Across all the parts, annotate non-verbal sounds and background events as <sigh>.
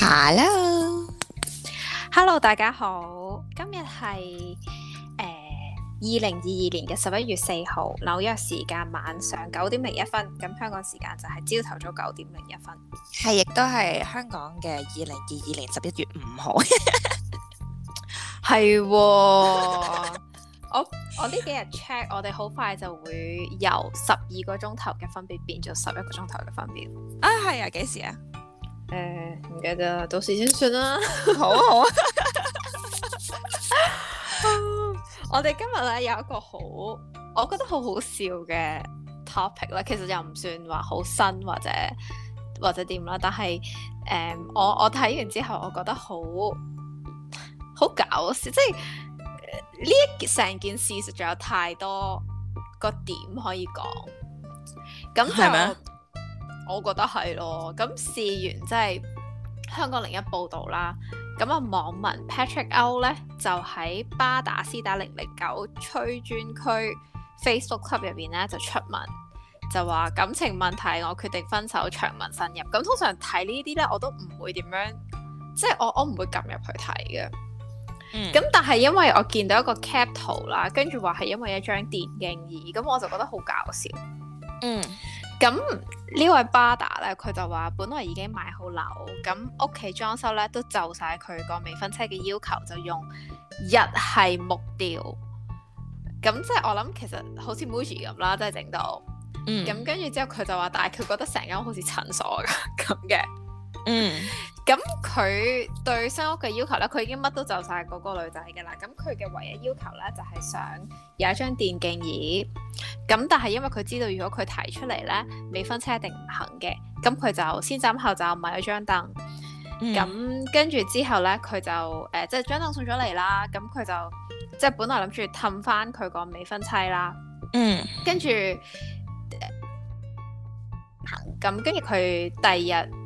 Hello，Hello，Hello, 大家好。今、呃、日係誒二零二二年嘅十一月四號，紐約時間晚上九點零一分，咁香港時間就係朝頭早九點零一分。係，亦都係香港嘅二零二二年十一月五號。係，我我, <laughs> 我呢幾日 check，我哋好快就會由十二個鐘頭嘅分別變咗十一個鐘頭嘅分別。啊，係啊，幾時啊？誒，唔、嗯、記得啦，到時先算啦。 <laughs> 好啊，好啊。 <laughs> <laughs> 我哋今日咧有一個好，我覺得好好笑嘅 topic 啦。其實又唔算話好新或者或者點啦，但係誒、嗯，我我睇完之後，我覺得好好搞笑。即係呢一成件事，實在有太多個點可以講。咁係咪？我覺得係咯，咁事緣即係香港01報道啦。咁啊，網民 Patrick L 咧就喺巴打斯打零零九吹專區 Facebook club 入邊咧就出文，就話感情問題，我決定分手長文慎入。咁通常睇呢啲咧，我都唔會點樣，即係我我唔會撳入去睇嘅。嗯。咁但係因為我見到一個 cap 圖啦，跟住話係因為一張電競椅，咁我就覺得好搞笑。嗯。咁呢位巴打咧，佢就話本來已經買好樓，咁屋企裝修咧都就晒佢個未婚妻嘅要求，就用日系木雕，咁即係我諗其實好似 Muji 咁啦，即係整到，咁跟住之後佢就話，但係佢覺得成間屋好似診所噶咁嘅。嗯，咁佢對新屋嘅要求咧，佢已經乜都就晒嗰個女仔嘅啦。咁佢嘅唯一要求咧，就係、是、想有一張電競椅。咁但係因為佢知道，如果佢提出嚟咧，未婚妻一定唔行嘅。咁佢就先斬後就買咗張凳。咁、嗯、跟住之後咧，佢就誒，即、呃、係、就是、張凳送咗嚟啦。咁佢就即係、就是、本來諗住氹翻佢個未婚妻啦。嗯，跟住、呃，行。咁跟住佢第二日。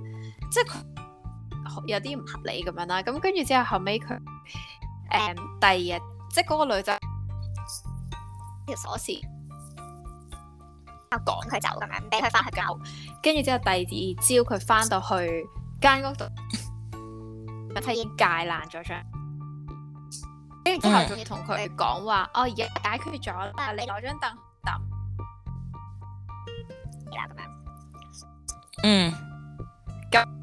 即係佢有啲唔合理咁樣啦，咁跟住之後後尾佢，誒、嗯、第二日即係嗰個女仔條鎖匙，我趕佢走咁樣，俾佢翻去救。跟住之後第二朝佢翻到去間屋度，佢已經割爛咗張。跟住之後仲要同佢講話，嗯、哦，而家解決咗啦，啊、你攞張凳。嗯。嗯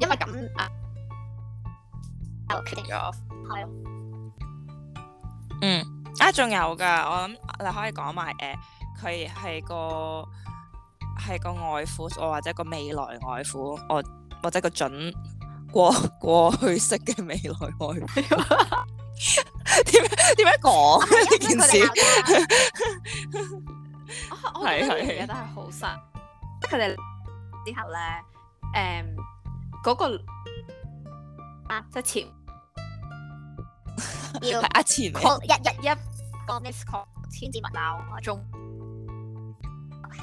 因為咁啊，係咯 Okay. 了， <noise> 嗯，啊，仲有噶，我諗你可以講埋誒，佢係個係個外父，我或者個未來外父，我或者個準過過去式嘅未來外父，點點樣講呢件事、 <laughs> 啊啊 <laughs> <laughs> 我我諗呢啲嘢都係好神，佢哋 <noise> 之後咧，誒、嗯。嗰個啊，即係前要阿前，一一一個 miss call 千字文鬧我中，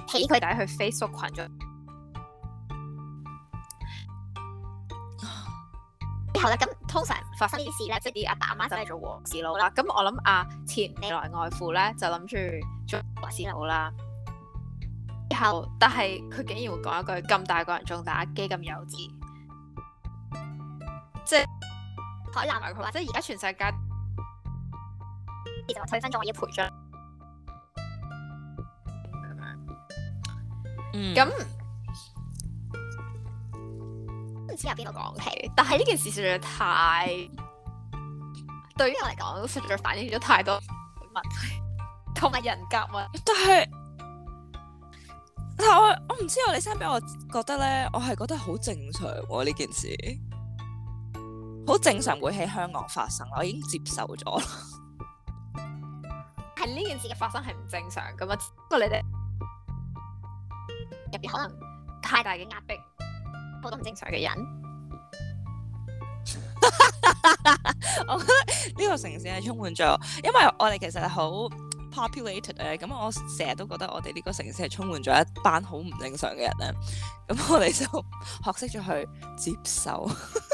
起佢他底去後 Facebook 群咗。之後咧，咁通常發生啲事咧，即係啲阿爸阿媽就係做和事佬啦。咁我諗阿前未來外父咧就諗住做黃子魯和事佬啦。之後，但係佢竟然會講一句咁大個人仲打機咁幼稚。即係海南啊！佢即係而家全世界，其實我細分仲要賠咗咁唔知由邊度講起？但係呢件事實在太 <laughs> 對於我嚟講，實在反映咗太多問題，同埋人格問題 <laughs> 但係，但係我我唔知啊！你先俾我，我覺得咧，我係覺得好正常喎，啊、呢件事。好正常會喺香港發生，我已經接受咗。係呢件事嘅發生係唔正常㗎嘛。不過你哋入邊可能太大嘅壓力，好多唔正常嘅人。我覺得呢個城市係充滿咗，因為我哋其實好 populated 嘅，咁我成日都覺得我哋呢個城市係充滿咗一班好唔正常嘅人咧。咁我哋就學識咗去接受。 <laughs>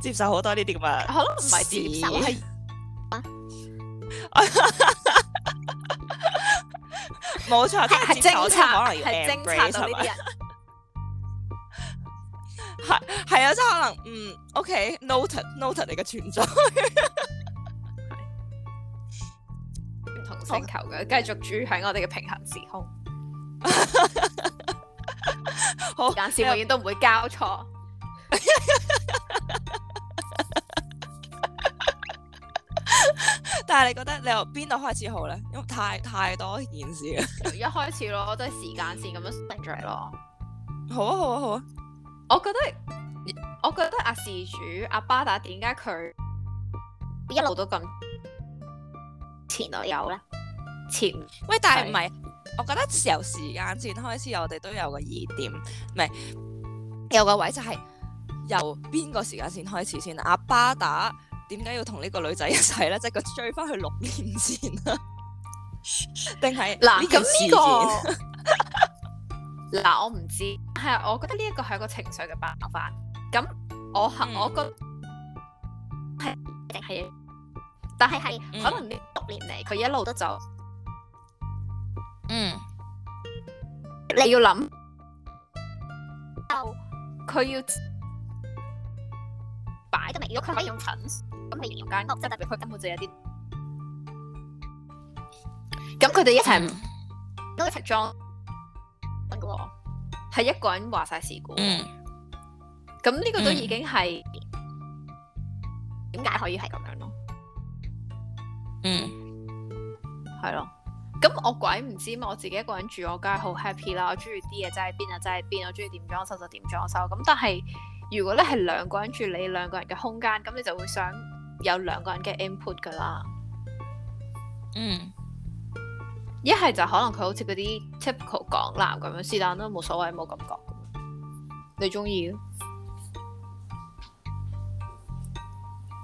接受好多呢啲咁嘛！唔係接受係，冇錯史，係偵測，係偵測呢啲人。係係啊，即係可能嗯 OK、okay, noted noted 你嘅存在，唔 <laughs> 同星球嘅，繼續住喺我哋嘅平衡時空。 <laughs> 好， <laughs> 時間線永遠都唔會交錯。 <laughs> 但係你覺得你由邊度開始好咧？因為太太多件事啦。由一開始咯，我都係 <laughs> 時間線咁樣定咗嚟咯。好啊，好啊，好啊！我覺得，我覺得阿事主阿巴打點解佢一路都咁前度有咧？前喂，但係唔係？是我覺得由時間線開始，我哋都有個疑點，唔係有個位就係、是、由邊個時間線開始先？阿巴打。點解要同呢個女仔一齊咧？即係佢追翻去六年前啦， <laughs> 定係嗱咁呢個嗱？我唔知，係啊，我覺得呢一個係一個情緒嘅爆發。咁我係我覺係定係，但係係可能六年嚟，佢一路都就嗯，你要諗，就佢要擺得明，如果佢可以用陳。咁你用間屋，即係特別佢根本就係有啲。咁佢哋一齊都、嗯、一齊裝，不過係一個人話晒事故。嗯。咁呢個都已經係，點解可以係咁樣咯、嗯？嗯。係咯。咁我鬼唔知嘛，我自己一個人住我家好 happy 啦，我中意啲嘢真喺邊啊，真喺邊，我中意點裝修就點裝修。咁但係如果咧係兩個人住你，你兩個人嘅空間，咁你就會想。有兩個人嘅 input 㗎啦，嗯，一係就可能佢好似嗰啲 typical 港男咁樣是但都冇所謂，冇感覺，你中意咯？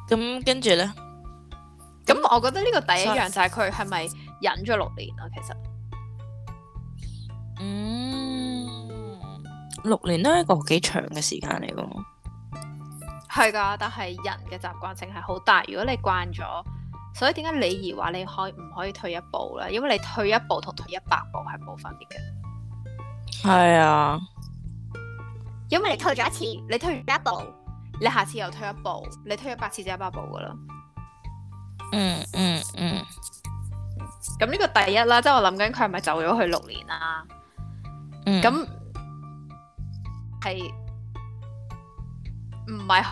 咁跟住呢？咁、嗯、我覺得呢個第一樣就係佢係咪忍咗六年咯？其實，嗯，六年都係一個幾長嘅時間嚟㗎。係噶，但係人嘅習慣性係好大。如果你慣咗，所以點解李儀話你可唔可以退一步咧？因為你退一步同退一百步係冇分別嘅。係、哎、呀啊，因為你退咗一次，你退完一步，你下次又退一步，你退一百次就一百步噶啦、嗯。嗯嗯嗯。咁呢、嗯嗯、個第一啦，即係我諗緊佢係咪走咗去六年啦、啊？嗯。咁係唔係？是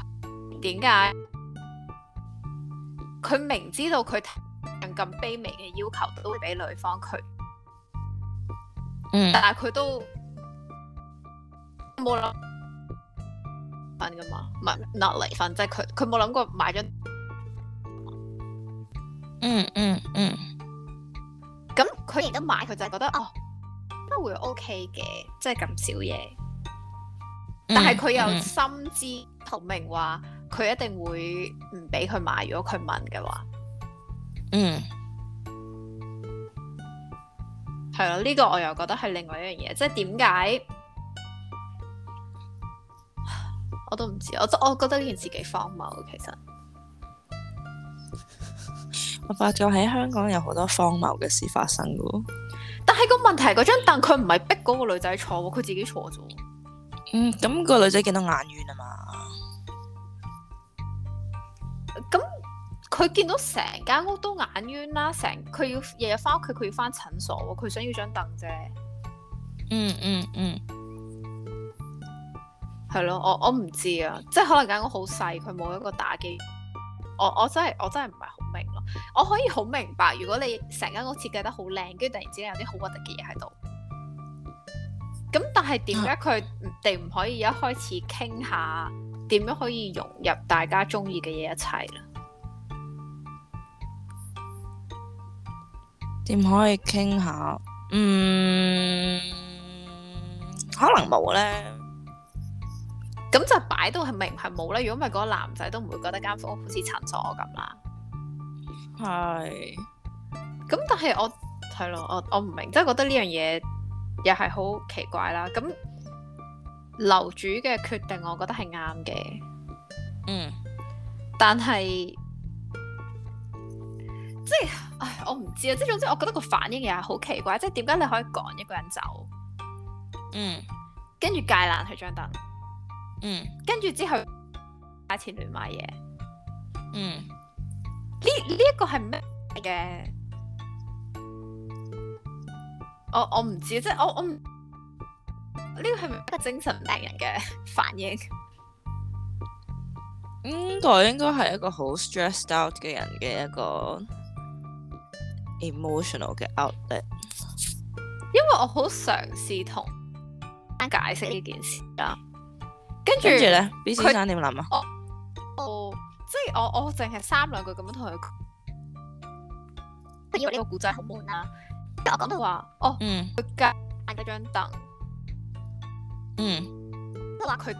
點解佢明知道佢提樣咁卑微嘅要求都會俾女方佢？嗯，但係佢都冇諗離婚噶嘛？唔係，not 嚟離婚，即係佢佢冇諗過買咗。嗯嗯嗯。咁佢而家買，佢就覺得哦都會 OK 嘅，即係咁少嘢。但係佢又心知肚、嗯嗯、明話。佢一定會唔俾佢買，如果佢問嘅話，嗯，係咯， <laughs> 呢、這個我又覺得係另外一樣嘢，即係點解我都唔知，我我覺得呢件事幾荒謬，其實 <laughs> 我發覺喺香港有好多荒謬嘅事發生噶，但係個問題係嗰張凳佢唔係逼嗰個女仔坐，佢自己坐咗，嗯，咁、那個女仔見到眼冤啊嘛。佢見到成間屋都眼冤啦，啊，成佢要日日翻屋企，佢要翻診所喎，啊。佢想要張凳啫，嗯。嗯嗯嗯，係咯，我我唔知啊，即係可能間屋好細，佢冇一個打機。我我真係我真係唔係好明咯。我可以好明白，如果你成間屋設計得好靚，跟住突然之間有啲好核突嘅嘢喺度。咁但係點解佢哋唔可以一開始傾下點樣可以融入大家中意嘅嘢一齊咧？點可以傾下？嗯，可能冇呢。咁就擺到係明唔係冇呢。如果唔係嗰個男仔都唔會覺得間房好似診所咁啦。係是。咁但係我係咯，我我唔明，即係覺得呢樣嘢又係好奇怪啦。咁樓主嘅決定，我覺得係啱嘅。嗯，但係即係。唉，我唔知啊，即係總之，我覺得個反應又係好奇怪，即係點解你可以趕一個人走？嗯，跟住戒爛去張凳，嗯，跟住之後借錢亂買嘢。嗯，呢呢一個係咩嘅？我我唔知，即係我我呢個係咪一個精神病人嘅反應？應該應該係一個好 stressed out 嘅人嘅一個。emotional 嘅 outlet，因為我好嘗試同解釋呢件事啦，跟住咧，俾時間點諗啊？他哦，即係我我淨係三兩句咁樣同佢，佢以為呢個古仔好悶啊！我講到話哦，嗯，佢加咗張凳，嗯，佢話佢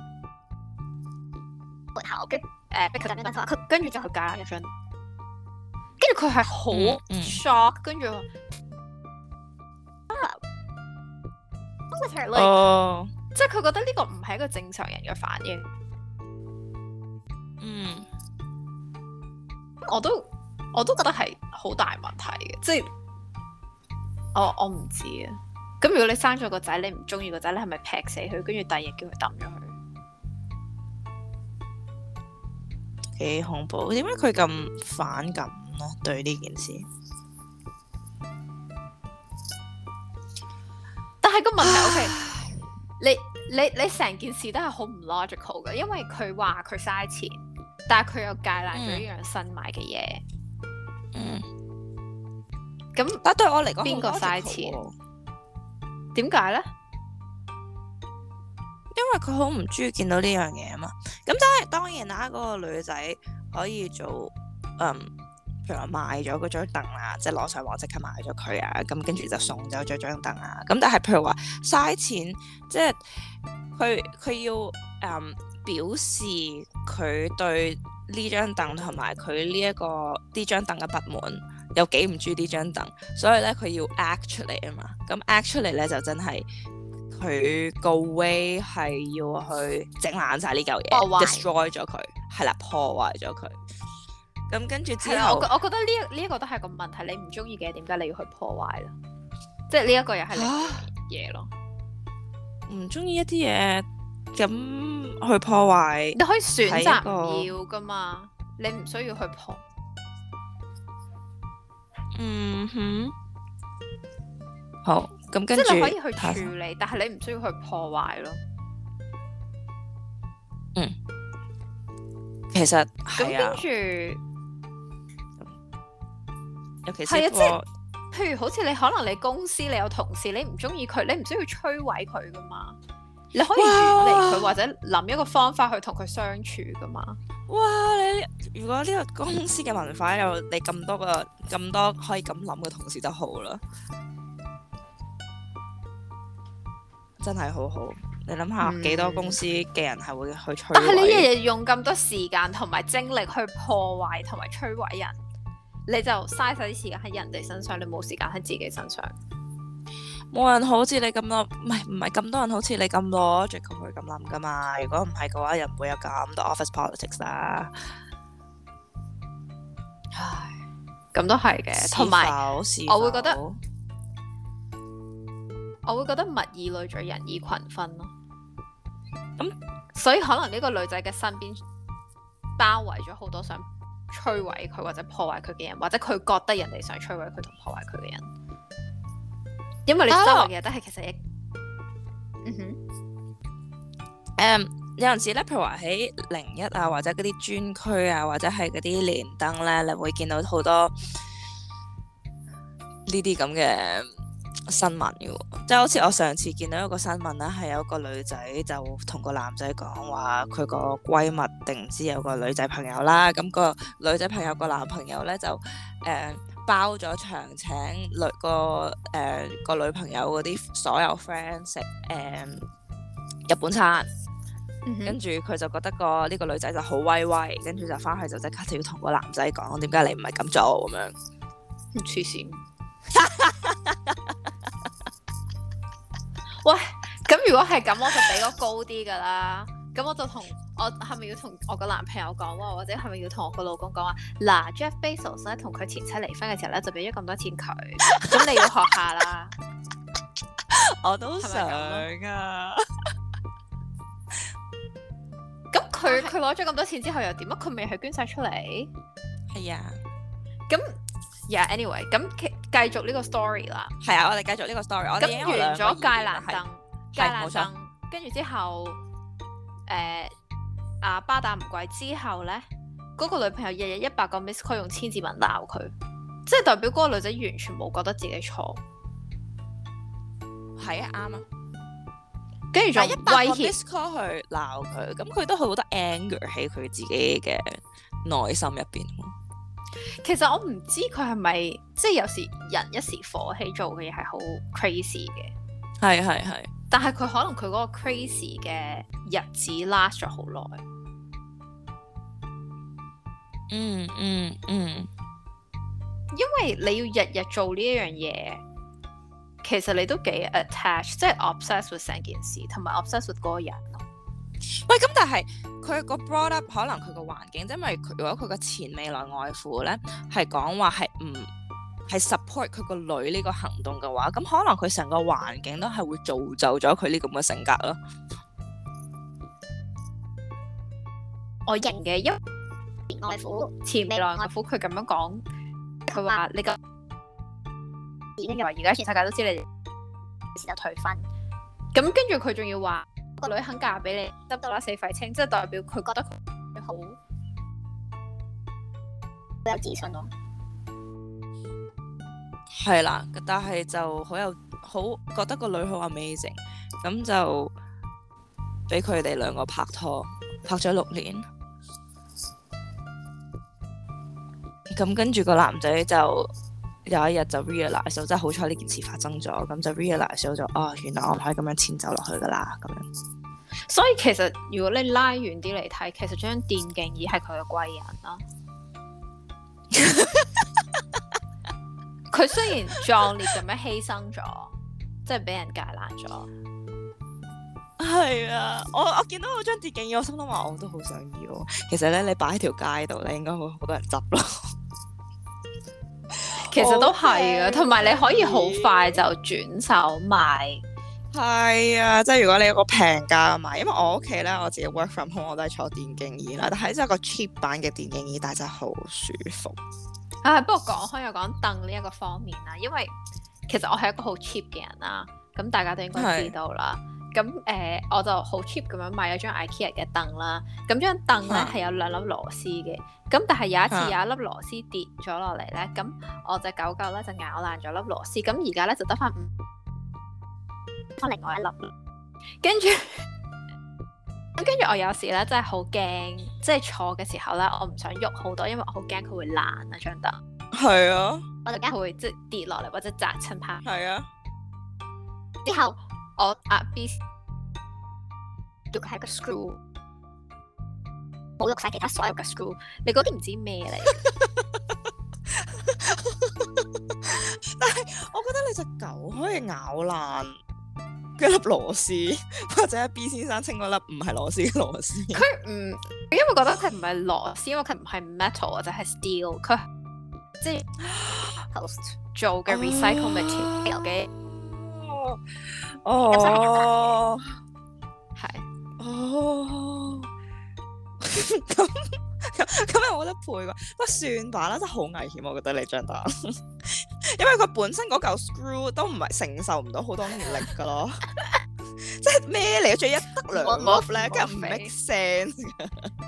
門口跟誒，佢跟住就佢加一張。佢係好 shock，跟住啊，即係佢覺得呢個唔係一個正常人嘅反應。嗯，mm. 我都我都覺得係好大問題嘅，即係我我唔知啊。咁如果你生咗個仔，你唔中意個仔，你係咪劈死佢，跟住第二日叫佢抌咗佢？幾恐怖？點解佢咁反感？對呢件事，但係個問題，唉 okay, 你你你成件事都係好唔 logical 㗎，因為佢話佢嘥錢，但係佢又戒爛咗呢樣新買嘅嘢。咁、嗯嗯、那但對我嚟講，邊個嘥錢？點解咧？因為佢好唔中意見到呢樣嘢啊嘛。咁真係當然啦，嗰、那個女仔可以做嗯。譬如話賣咗嗰張凳啊，即係攞上網即刻賣咗佢啊，咁跟住就送走咗張凳啊。咁但係譬如話嘥錢，即係佢佢要嗯表示佢對呢張凳同埋佢呢一個呢張凳嘅不滿，又幾唔中意呢張凳，所以咧佢要 act 出嚟啊嘛。咁 act 出嚟咧就真係佢個 way 係要去整爛晒呢嚿嘢，destroy 咗佢，係啦，破壞咗佢。咁、嗯、跟住之後、嗯，我我覺得呢一呢一個都係個問題，你唔中意嘅點解你要去破壞咧？即係呢一個又係你嘢咯。唔中意一啲嘢，咁去破壞，你可以選擇要㗎嘛？你唔需要去破。嗯哼。好，咁跟住。即係你可以去處理，算但係你唔需要去破壞咯。嗯。其實咁、啊、跟住。尤其係啊，即譬如好似你可能你公司你有同事你唔中意佢，你唔需要摧毀佢噶嘛？你可以遠離佢或者諗一個方法去同佢相處噶嘛？哇！你如果呢個公司嘅文化有你咁多個咁 <laughs> 多可以咁諗嘅同事就好啦，真係好好。你諗下幾多公司嘅人係會去摧毀，嗯？但係你日日用咁多時間同埋精力去破壞同埋摧毀人。你就嘥晒啲時間喺人哋身上，你冇時間喺自己身上。冇人好似你咁諗，唔係唔係咁多人好似你咁攞住佢咁諗㗎嘛？如果唔係嘅話，又唔會有咁多 office politics 啦、啊。唉，咁都係嘅。同埋，我會覺得，父我會覺得物以類聚，人以群分咯。咁、嗯，所以可能呢個女仔嘅身邊包圍咗好多想摧毀佢或者破壞佢嘅人，或者佢覺得人哋想摧毀佢同破壞佢嘅人，因為你收嘅嘢都係其實一，嗯哼，um, 有陣時咧，譬如話喺零一啊，或者嗰啲專區啊，或者係嗰啲連燈連登咧，你會見到好多呢啲咁嘅。這新聞嘅，即係好似我上次見到一個新聞咧，係有一個女仔就同個男仔講話，佢個閨蜜定唔知有個女仔朋友啦，咁、個女仔朋友個男朋友呢就，就、呃、誒包咗場請女個誒、呃、個女朋友嗰啲所有 friend 食、呃、日本餐，嗯、哼跟住佢就覺得個呢個女仔就好威威，跟住就翻去就即刻就要同個男仔講，點解你唔係咁做咁樣？黐線。 <laughs> 喂，咁如果係咁，我就俾我高啲噶啦。咁我就同我係咪要同我個男朋友講，或者係咪要同我個老公講話？嗱、 <laughs> 啊、Jeff Bezos 同佢前妻離婚嘅時候咧，就俾咗咁多錢佢。咁你要學下啦， <laughs> 我都想 <laughs> 係咪咁啊。咁佢佢攞咗咁多錢之後又點啊？佢未係捐晒出嚟？係啊，咁。Yeah, anyway，咁其繼續呢個 story 啦，yeah。係啊，uh，我哋繼續呢個 story。我咁完咗街攔燈，街攔燈，跟住之後，誒啊巴打唔貴之後咧，嗰個女朋友日日一百個 miss call 用千字文鬧佢，即係代表嗰個女仔完全冇覺得自己錯。係啊，啱啊。跟住仲一脅 miss call 去鬧佢，咁佢都好得 anger 喺佢自己嘅內心入邊。其實我唔知佢係咪即係有時人一時火起做嘅嘢係好 crazy 嘅，係係係，但係佢可能佢嗰個 crazy 嘅日子 last 咗好耐。嗯嗯嗯嗯，因為你要日日做呢一樣嘢，其實你都幾 attach，即係 obsess with 成件事，同埋 obsess with 嗰個人。喂，咁但係佢個 brought up 可能佢個環境，因為如果佢個前未來外父咧，係講話係唔係 support 佢個女呢個行動嘅話，咁可能佢成個環境都係會造就咗佢呢咁嘅性格咯。我認嘅，因為外父、外父前未來外父，佢咁樣講，佢話你咁點解而家全世界都知道你哋、前度退婚，咁跟住佢仲要話。個女肯嫁俾你，得到啦，死廢青，即係代表佢覺得佢好有自信咯。係啦， <noise> 但係就有好有好覺得個女好 amazing，咁就俾佢哋兩個拍拖，拍咗六年。咁跟住個男仔就。有一日就 realize 到真係好彩呢件事發生咗，咁就 realize 咗哦，原來我唔可以咁樣遷走落去噶啦，咁樣。所以其實如果你拉遠啲嚟睇，其實張電競椅係佢嘅貴人啦。佢 <laughs> 雖然壯烈咁樣犧牲咗， <laughs> 即係俾人解爛咗。係啊，我我見到我張電競椅，我心諗話我都好想要。其實咧，你擺喺條街度咧，你應該會好多人執咯。 <laughs> 其實都係嘅，同埋 Okay, 你可以好快就轉手賣。係 <music> 啊，即係如果你有個平價買，因為我屋企咧，我自己 work from home 我都係坐電競椅啦，但係真係個 cheap 版嘅電競椅，但係真係好舒服。啊，不過講開又講凳呢一個方面啦，因為其實我係一個好 cheap 嘅人啦，咁大家都應該知道啦。咁誒、呃，我就好 cheap 咁樣買咗張 IKEA 嘅凳啦。咁張凳咧係有兩粒螺絲嘅。咁、啊、但係有一次有一粒螺絲跌咗落嚟咧，咁我隻狗狗咧就咬爛咗粒螺絲。咁而家咧就得翻，翻另外一粒。跟住然後，跟 <laughs> 住我有時咧真係好驚，即係坐嘅時候咧，我唔想喐好多，因為我好驚佢會爛啊張凳。係啊，我驚佢會即係跌落嚟或者砸親下。係啊，之後。我阿、啊、B，仲係個 screw，冇碌晒其他所有嘅 screw。你嗰啲唔知咩嚟？但係我覺得你隻狗可以咬爛一粒螺絲，或者阿 B 先生稱嗰粒唔係螺絲嘅螺絲。佢唔，因為覺得佢唔係螺絲，因為佢唔係 metal 或者係 steel，佢即係、就是、做嘅 recycle material 嘅、oh.。哦，係是，哦，咁咁又冇得賠噶，不算吧啦，真係好危險，我覺得你張單， <laughs> 因為佢本身嗰嚿 screw 都唔係承受唔到好多力噶咯， <laughs> 即係咩嚟啊？仲要一得兩粒 f f 咧，咁唔哇 <laughs> make sense，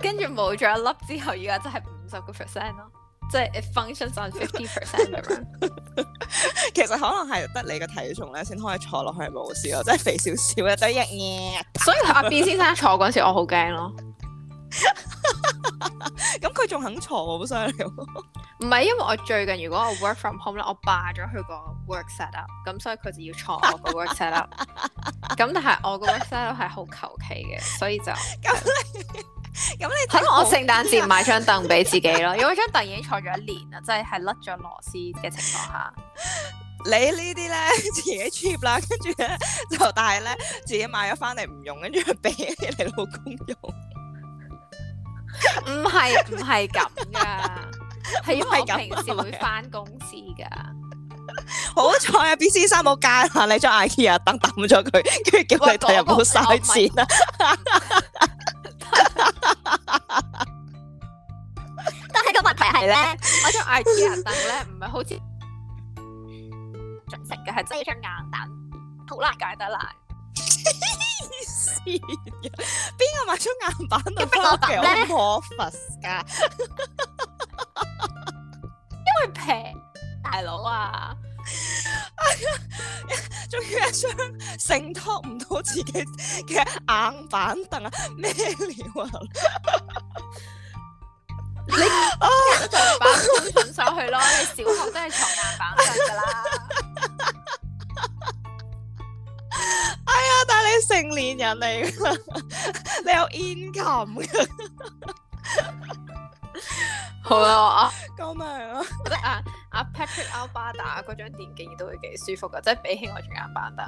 跟住冇咗一粒之後，而家真係五十個 percent 咯。即係 it functions on fifty percent 啊嘛，其實可能係得你個體重咧先可以坐落去冇事咯，即係肥少少一啲一啲，所以阿 B 先生坐嗰陣時我好驚咯，咁佢仲肯坐好犀利，唔係因為我最近，如果我 work from home 咧，我霸咗佢個 work setup，咁所以佢就要坐我個 work setup，咁但係我個 work setup 係好求其嘅，所以就咁。咁你、啊，睇我聖誕節買張凳俾自己咯，如果張凳已經坐咗一年啦，即係係甩咗螺絲嘅情況下，你呢啲咧自己 cheap 啦，跟住咧就但係咧自己買咗翻嚟，唔用，跟住俾你老公用，唔係唔係咁噶，係因為 <laughs> 我平時會翻公司噶，啊、好彩啊 B 先生冇加埋你張 IKEA 凳抌咗佢，跟住叫佢睇又唔好嘥錢啦。問題係咧，買張 IKEA 凳咧，唔係好似準時嘅，係真係張硬凳，好難解得爛。黐線嘅，邊個買張硬板凳翻屋企？我冇佛噶，因為平，大佬啊，哎呀，仲要一張承托唔到自己嘅硬板凳啊，咩料啊？ <laughs> 你藏硬板凳上上去咯， <laughs> 你小學都係藏硬板凳噶啦。哎呀，但係你成年人嚟噶啦， <laughs> 你有 income 噶。好啦，我救命啊。我覺得阿阿 Patrick Albarda 嗰張電競椅亦都會幾舒服噶，即係比起我藏硬板凳。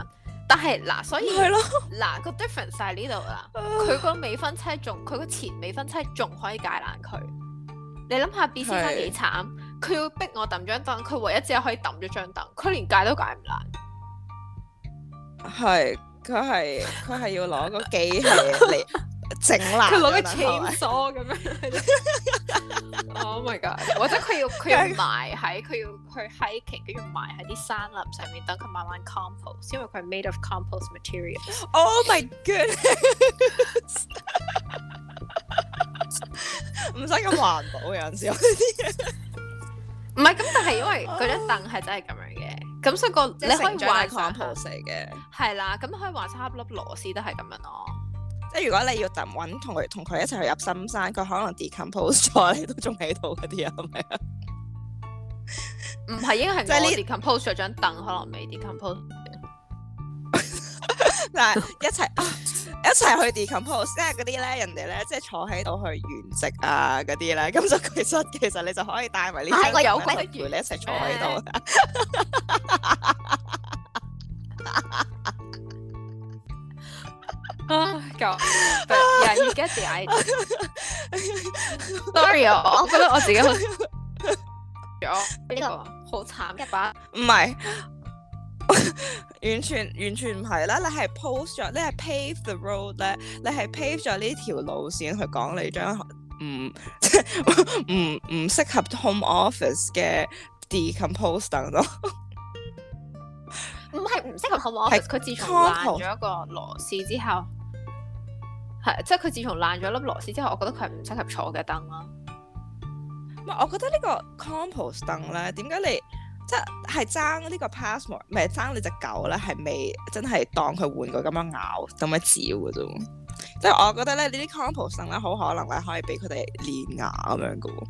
但係嗱，所以嗱個 difference 喺呢度啦。佢個未婚妻仲，佢個前未婚妻仲可以解難佢。你諗下 B 先生幾慘？佢是要逼我抌張凳，佢唯一只可以抌咗張凳，佢連解都解唔爛。係，佢係佢係要攞個機器嚟整爛。佢攞個 chainsaw 咁 <laughs> 樣。 <laughs> <laughs> oh my god！或者佢要佢要埋喺佢要去 hiking 跟住埋喺啲山林上面等佢慢慢 compost，因為佢係 made of compost material。Oh my goodness 唔使咁環保嘅，有陣時，唔係咁，但係因為嗰張凳係真係咁樣嘅，咁、oh. 所以個你可以 decompose 嘅，係 <laughs> 啦，咁可以話差粒螺絲都係咁樣咯。即係 <laughs> 如果你要揼揾同佢同佢一齊去入深山，佢可能 decompose 咗，你都仲喺度嗰啲啊，係咪啊？唔 <laughs> 係應該即係我 decompose 咗 <laughs> 張凳，可能未 decompose。嗱，一齊一齊去 decompose，即係嗰啲咧，人哋咧即係坐喺度去懸植啊嗰啲啦，咁就其實其實你就可以帶埋呢啲，陪你一齊坐喺度。啊，講，但係你 get the idea？Sorry，我覺得我自己好，我呢個好慘一把，唔係。 <laughs> 完全完全唔係啦，你係 post 咗，你係 pave the road 咧，你係 pave 咗呢條路線去講你張唔唔唔適合 home office 嘅 d e c o m p o <laughs> s e 凳咯，唔係唔適合 home office，佢是自從爛咗一個螺絲之後，係 <laughs> 即係佢自從爛咗粒螺絲之後，我覺得佢係唔適合坐嘅凳咯。唔係，我覺得個呢個 compose 凳咧，點解你？即係爭呢個 passmore，唔係爭你隻狗咧，係未真係當佢玩具咁樣咬咁樣嚼嘅啫。即係我覺得咧，呢啲 composition 咧，好可能咧，可以俾佢哋練牙咁樣嘅喎。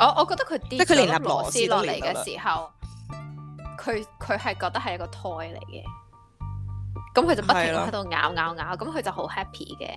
我我覺得佢即佢連粒螺絲落嚟嘅時候，佢佢係覺得係一個胎嚟嘅。咁佢就不停喺度咬咬咬，咁佢的就好 happy 嘅。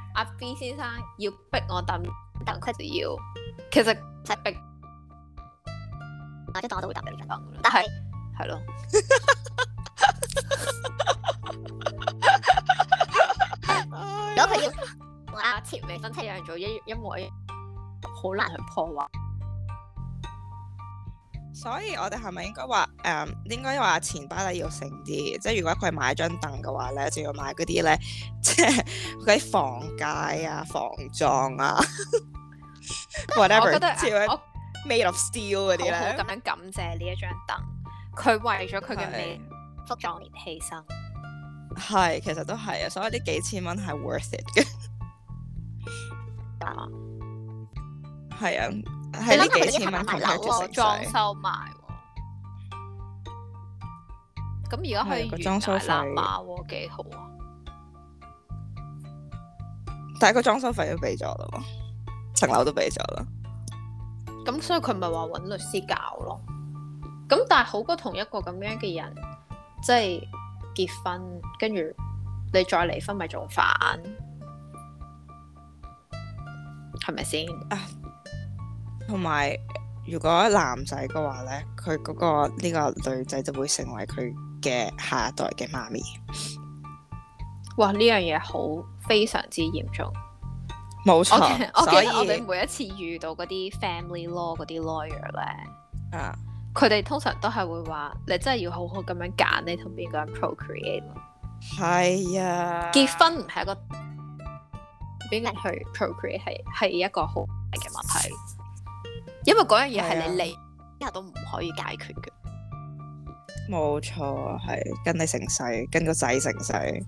阿 B 先生要逼我答，答 question 要，其實係逼，即係我都會答嘅，但係係咯，如果佢要，我阿前未婚妻有人做一一模一樣，好難去破壞。所以我哋係咪應該話，誒、um, 應該話錢包咧要剩啲，即係如果佢買張凳嘅話咧，就要買嗰啲咧，即係嗰啲防撲啊、防撞啊 <laughs> ，whatever。我覺得 made 我覺得 made of steel 嗰啲咧，咁樣感謝呢一張凳，佢為咗佢嘅美，復壯年犧牲。係，其實都係啊，所以呢幾千蚊係 worth it 嘅。係 <laughs> 啊。係幾千萬樓喎，裝、嗯、修賣喎，咁而家佢完埋爛碼喎，幾好啊！但係個裝修費都俾咗啦，層樓都俾咗啦，咁 <laughs> 所以佢咪係話揾律師搞咯，咁但係好過同一個咁樣嘅人，即係結婚跟住你再離婚咪仲煩，係咪先啊？同埋，如果男仔嘅話咧，佢嗰個呢個女仔就會成為佢嘅下一代嘅媽咪。哇！呢樣嘢好非常之嚴重。冇錯，我記得我哋每一次遇到嗰啲 family law 嗰啲 lawyer 咧，啊，佢哋通常都係會話你真係要好好咁樣揀你同邊個人 procreate 咯。係啊，結婚唔係一個邊個去 procreate 係係一個好大嘅問題。因為嗰樣嘢係你你之後、哎、呀都唔可以解決嘅，冇錯係跟你成世，跟個仔成世，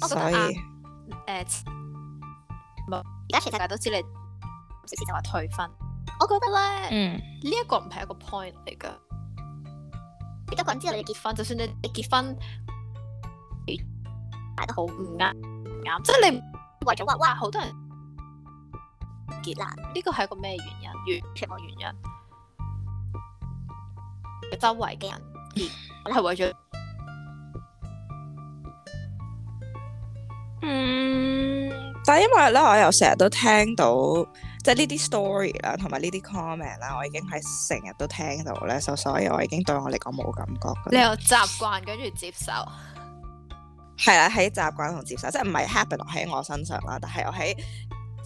所以誒，而家全世界都知你直接就話退婚，我覺得咧，嗯，呢一個唔係一個 point 嚟噶。而家個之知你結婚，就算你你結婚擺得好唔啱啱，即係、就是、你為咗哇哇好多人。呢個係一個咩原因？完全個原因，周圍嘅人，我係 <laughs> 為咗，嗯，但係因為咧，我又成日都聽到，即係呢啲 story 啦、啊，同埋呢啲 comment 啦、啊，我已經係成日都聽到咧，所所以我已經對我嚟講冇感覺。你又習慣跟住接受，係啦、 <laughs> 啊，喺習慣同接受，即係唔係 happen 喺我，我身上啦，但係我喺。 <laughs>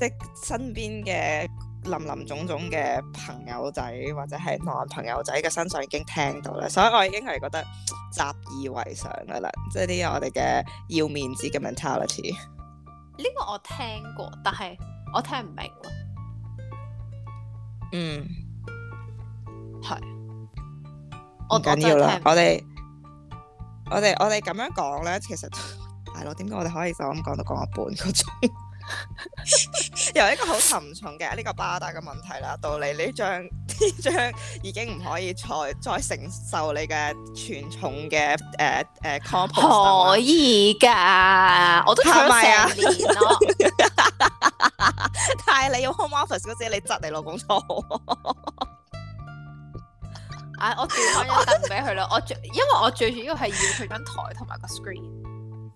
即身邊嘅林林種種嘅朋友仔或者係男朋友仔嘅身上已經聽到啦，所以我已經係覺得習以為常噶啦，即係呢啲我哋嘅要面子嘅 mentality。呢個我聽過，但係我聽唔明咯。嗯，係。唔緊要啦，我哋我哋我哋咁樣講咧，其實係咯，點解我哋可以就咁講到講個半個鐘？ <laughs> 由一個好沉重嘅呢、這個巴打嘅問題啦，到你呢張呢張已經唔可以再再承受你嘅全重嘅誒誒 composite。呃呃、可以㗎，我都想成年咯。 <laughs> <laughs> <laughs> 但係你用 home office 嗰陣，你執嚟老公錯。 <laughs> 哎，我調翻一凳俾佢啦。我最因為我最主要係要佢緊台同埋個 screen。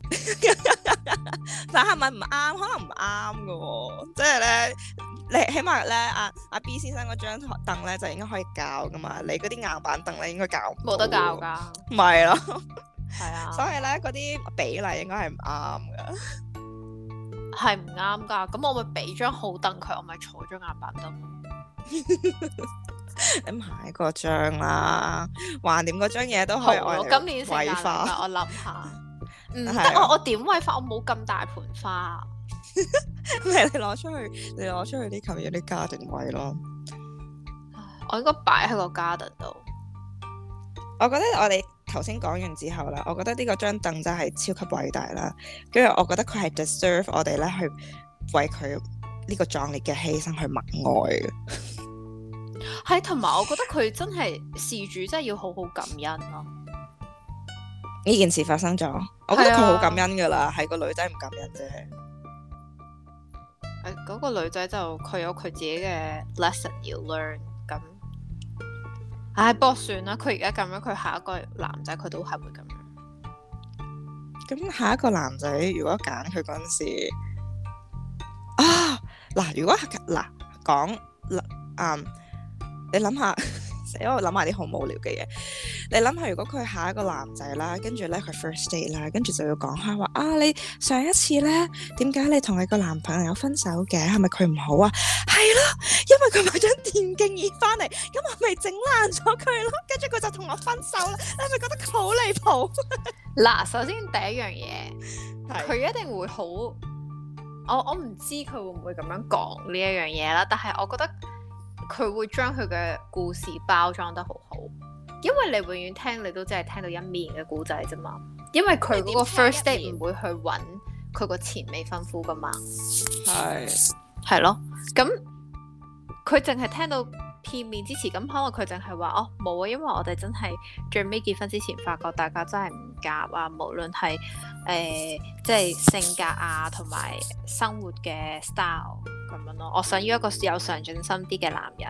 <laughs> 但係咪唔啱？可能唔啱噶，即係咧，你起碼咧，阿、啊、阿、啊、B 先生嗰張凳咧就應該可以搞噶嘛。你嗰啲硬板凳咧應該搞冇得搞噶，唔係咯，係啊。所以咧嗰啲比例應該係唔啱嘅，係唔啱噶。咁我咪俾張好凳佢，我咪坐張硬板凳 <laughs> 你買嗰張啦，橫掂嗰張嘢都可以。我今年成日，我諗下。嗯、啊，我我點喂法？我冇咁大盆花、啊， <laughs> 你攞出去，你攞出去啲咁樣啲 garden 位咯。我應該擺喺個 garden 度。我覺得我哋頭先講完之後啦，我覺得呢個張凳真係超級偉大啦，跟住我覺得佢係 deserve 我哋咧去為佢呢個壯烈嘅犧牲去默哀嘅。係， <laughs> 同埋我覺得佢真係事主真係要好好感恩咯、啊。呢件事發生咗，我覺得佢好感恩㗎喇，係、啊、個女仔唔感恩啫。誒、啊，嗰、嗰個女仔就佢有佢自己嘅 lesson 要 learn，咁，唉、啊，不過算啦，佢而家咁樣，佢下一個男仔佢都係會咁樣。咁下一個男仔如果揀佢嗰陣時，啊，嗱，如果嗱講，嗯，你諗下。 <laughs> 因為我諗下啲好無聊嘅嘢，你諗下如果佢下一個男仔啦，跟住咧佢 first date 啦，跟住就要講下話啊，你上一次咧點解你同你個男朋友分手嘅？係咪佢唔好啊？係咯，因為佢買張電競椅翻嚟，咁我咪整爛咗佢咯，跟住佢就同我分手啦。你咪 <laughs> 覺得佢好離譜？嗱， <laughs> 首先第一樣嘢，佢一定會好，我我唔知佢會唔會咁樣講呢一樣嘢啦，但係我覺得。佢會將佢嘅故事包裝得好好，因為你永遠聽你都淨係聽到一面嘅故仔啫嘛。因為佢嗰個 first date 唔會去揾佢個前未婚夫噶嘛，係是，係咯。咁佢淨係聽到片面之詞，咁可能佢淨係話哦，冇啊，因為我哋真係最尾結婚之前發覺大家真係唔夾啊，無論係誒即係性格啊，同埋生活嘅 style。我想要一個有上進心啲嘅男人，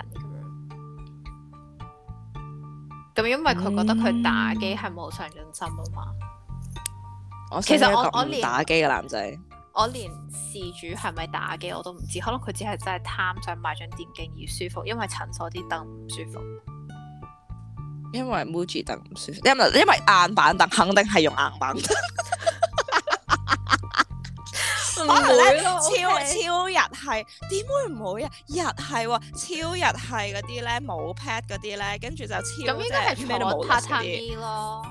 咁樣。咁因為佢覺得佢打機係冇上進心啊嘛。其實我我連打機嘅男仔，我連事主係咪打機我都唔知，可能佢只係真係貪想買張電競椅舒服，因為診所啲凳唔舒服。因為 Muji 凳唔舒服，因為因為硬板凳肯定係用硬板凳。 <laughs> 可能咧超 okay 超日系，點會唔會日日系，日系、哦？超日系嗰啲咧冇 pad 嗰啲咧，跟住就超咁即係坐榻榻米咯。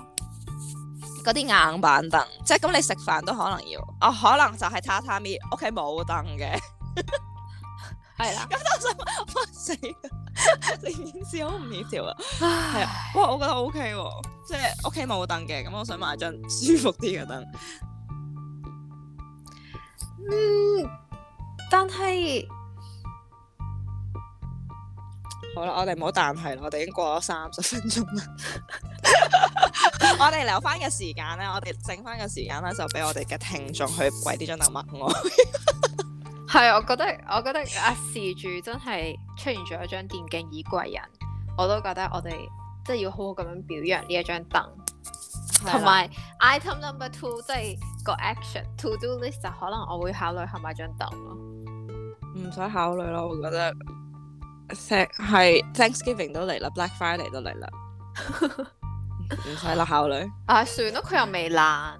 嗰啲硬板凳，即係咁你食飯都可能要。哦，可能就係榻榻米，屋企冇凳嘅，係 <laughs> 啦。咁 <laughs> 我想，我死啊！笑唔笑啊？係啊唉。哇，我覺得 O K 喎，即係屋企冇凳嘅，咁我想買張舒服啲嘅凳。嗯、但係好啦，我哋唔好但係啦，我哋已經過咗三十分鐘啦 <laughs> <laughs> 我哋留翻嘅時間咧，我哋剩翻嘅時間咧，就俾我哋嘅聽眾去為呢張禮物。係， <laughs> 我覺得，我覺得阿事主真係出現咗一張電競椅貴人，我都覺得我哋即係要好好咁樣表揚呢一張凳。同埋啦 item number two 即係個 action to do list 就可能我會考慮去買張凳咯，唔使考慮咯，我覺得。石 Th 係 Thanksgiving 都嚟啦，Black Friday 嚟都嚟啦，唔使啦考慮。啊，算啦，佢又未爛，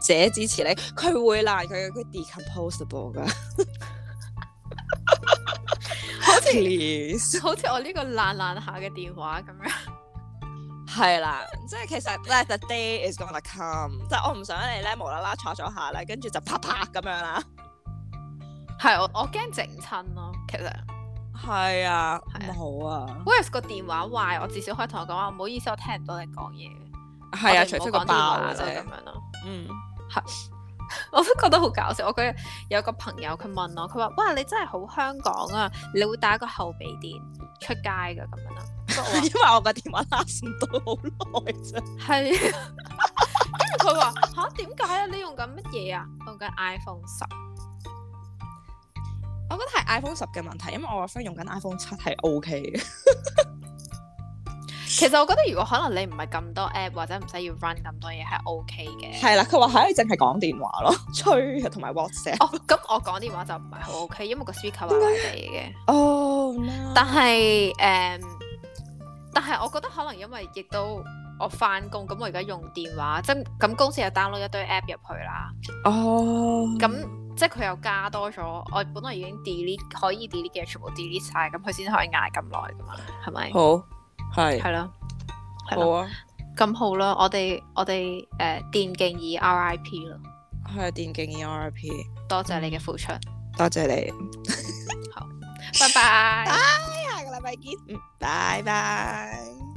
姐支持你，佢會爛，佢佢 decomposable 噶，de 好似好似我呢個爛爛下嘅電話咁樣。係啦，即係其實 the day is gonna come，即係我唔想你咧，無啦啦坐咗下咧，跟住就啪啪咁樣啦。係我我驚整親咯，其實係啊，咁好啊。Whereas 個電話壞，嗯、我至少可以同我講話，唔好意思，我聽唔到你講嘢。係啊，除咗個電話就係咁樣咯。嗯，係。我都覺得好搞笑，我佢有個朋友佢問我，佢話哇你真係好香港啊，你會打一個後備電出街噶咁樣咯， <laughs> 因為我個電話 last 唔到好耐咋，係 <laughs> <laughs> ，跟住佢話吓點解啊？你用緊乜嘢啊？用緊 iPhone 十，我覺得係 iPhone 十嘅問題，因為我個 friend 用緊 iPhone 七係 OK 嘅。 <laughs> 其實我覺得，如果可能你唔係咁多 app 或者唔使要 run 咁多嘢，係 OK 嘅。係啦，佢話可以淨係講電話咯，吹，同埋 WhatsApp、 <laughs> 哦。咁、嗯、我講電話就唔係好 OK，因為個 speaker 靠硬地嘅。哦。Oh, no. 但係誒，um, 但係我覺得可能因為亦都我翻工，咁我而家用電話，即咁公司又 download 一堆 app 入去啦。哦、oh。咁即係佢又加多咗，我本來已經 delete 可以 delete 嘅全部 delete 晒。咁佢先可以挨咁耐㗎嘛？係咪？好。係係咯，好啊，咁好啦，我哋我哋誒電競椅 RIP 咯，係、呃、啊，電競椅 RIP，RI 多謝你嘅付出、嗯，多謝你， <laughs> 好，拜拜，拜， <laughs> 下個禮拜見，嗯，拜拜。